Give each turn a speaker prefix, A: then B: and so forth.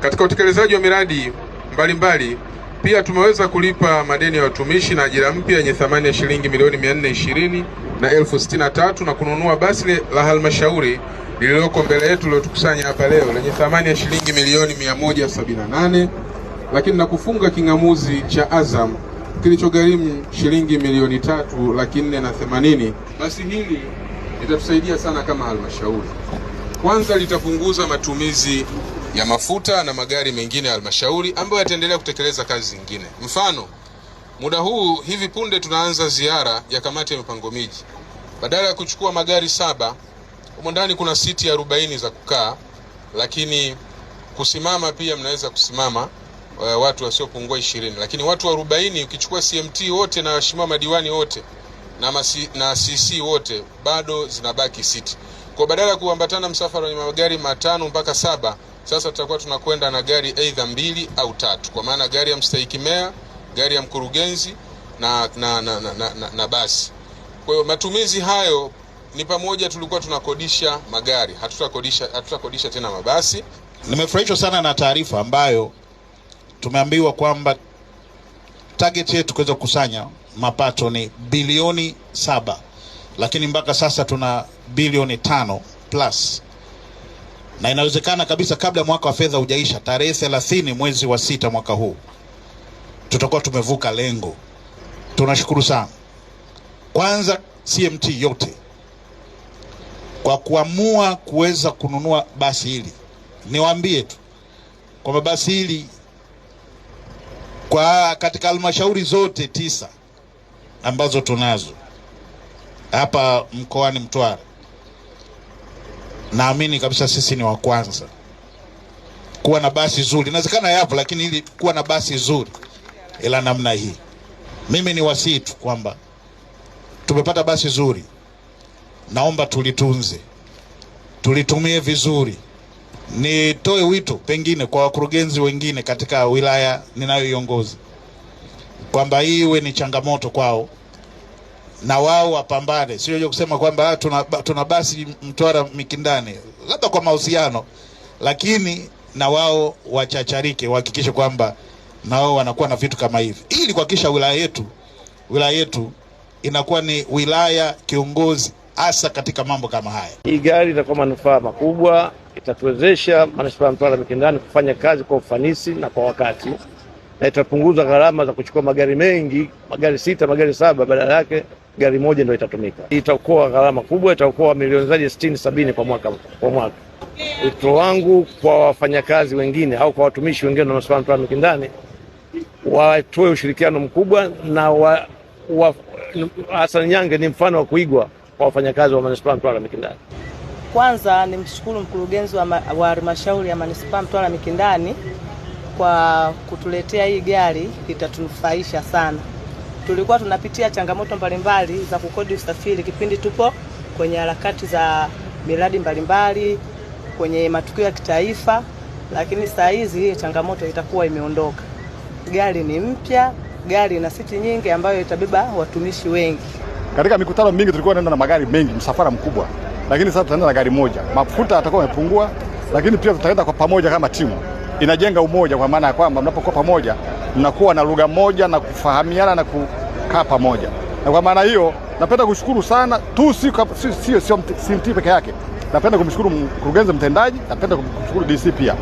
A: Katika utekelezaji wa miradi mbalimbali mbali, pia tumeweza kulipa madeni ya watumishi na ajira mpya yenye thamani ya shilingi milioni 420 na elfu na na kununua basi la halmashauri lililoko mbele yetu lilotukusanya hapa leo lenye thamani ya shilingi milioni 178, lakini na kufunga king'amuzi cha Azam kilichogharimu shilingi milioni tatu laki nne na themanini. Basi hili litatusaidia sana kama halmashauri. Kwanza litapunguza matumizi ya mafuta na magari mengine ya halmashauri ambayo yataendelea kutekeleza kazi zingine. Mfano, muda huu hivi punde tunaanza ziara ya kamati ya mipango miji. Badala ya kuchukua magari saba, humo ndani kuna siti arobaini za kukaa, lakini kusimama pia mnaweza kusimama e, watu wasiopungua ishirini, lakini watu arobaini ukichukua CMT wote na waheshimiwa madiwani wote na masi, na CC wote bado zinabaki siti. Kwa badala ya kuambatana msafara wenye magari matano mpaka saba sasa tutakuwa tunakwenda na gari aidha mbili au tatu, kwa maana gari ya mstahiki mea gari ya mkurugenzi na, na, na, na, na, na, na basi. Kwa hiyo matumizi hayo ni pamoja, tulikuwa tunakodisha magari, hatutakodisha hatutakodisha tena mabasi.
B: Nimefurahishwa sana na taarifa ambayo tumeambiwa kwamba target yetu kuweza kukusanya mapato ni bilioni saba, lakini mpaka sasa tuna bilioni tano plus na inawezekana kabisa kabla ya mwaka wa fedha hujaisha, tarehe 30 mwezi wa sita mwaka huu tutakuwa tumevuka lengo. Tunashukuru sana kwanza CMT yote kwa kuamua kuweza kununua basi hili. Niwaambie tu kwamba basi hili kwa katika halmashauri zote tisa ambazo tunazo hapa mkoani Mtwara naamini kabisa sisi ni wa kwanza kuwa na basi zuri. Inawezekana yapo, lakini ili kuwa na basi zuri ila namna hii, mimi ni wasii tu kwamba tumepata basi zuri, naomba tulitunze, tulitumie vizuri. Nitoe wito pengine kwa wakurugenzi wengine katika wilaya ninayoiongoza kwamba hii iwe ni changamoto kwao na wao wapambane, sio kusema kwamba ah, tuna, tuna basi Mtwara Mikindani, labda kwa mahusiano, lakini na wao wachacharike, wahakikishe kwamba na wao wanakuwa na vitu kama hivi, ili kuhakikisha wilaya yetu wilaya yetu inakuwa ni wilaya kiongozi hasa katika mambo kama haya.
C: Hii gari itakuwa manufaa makubwa, itatuwezesha manispaa ya Mtwara Mikindani kufanya kazi kwa ufanisi na kwa wakati, na itapunguza gharama za kuchukua magari mengi, magari sita, magari saba, badala yake gari moja ndio itatumika. Itakuwa gharama kubwa, itakuwa milioni zaidi ya sitini sabini kwa mwaka, kwa mwaka. Wito wangu kwa wafanyakazi wengine au kwa watumishi wengine wa manispaa Mtwara Mikindani watoe ushirikiano mkubwa na wa, wa, Hassan Nyange ni mfano wa kuigwa kwa wafanyakazi wa manispaa Mtwara Mikindani.
D: Kwanza nimshukuru mkurugenzi wa halmashauri ya manispaa Mtwara Mikindani kwa kutuletea hii gari, itatunufaisha sana tulikuwa tunapitia changamoto mbalimbali za kukodi usafiri kipindi tupo kwenye harakati za miradi mbalimbali kwenye matukio ya kitaifa, lakini saa hizi hiyo changamoto itakuwa imeondoka. Gari ni mpya, gari ina siti nyingi ambayo itabeba watumishi wengi.
E: Katika mikutano mingi tulikuwa tunaenda na magari mengi, msafara mkubwa, lakini sasa tutaenda na gari moja. Mafuta atakuwa yamepungua, lakini pia tutaenda kwa pamoja kama timu, inajenga umoja, kwa maana ya kwamba mnapokuwa pamoja mnakuwa na lugha moja na kufahamiana na kukaa pamoja, na kwa maana hiyo napenda kushukuru sana tu, si CMT peke yake. Napenda kumshukuru mkurugenzi mtendaji, napenda kumshukuru DC pia.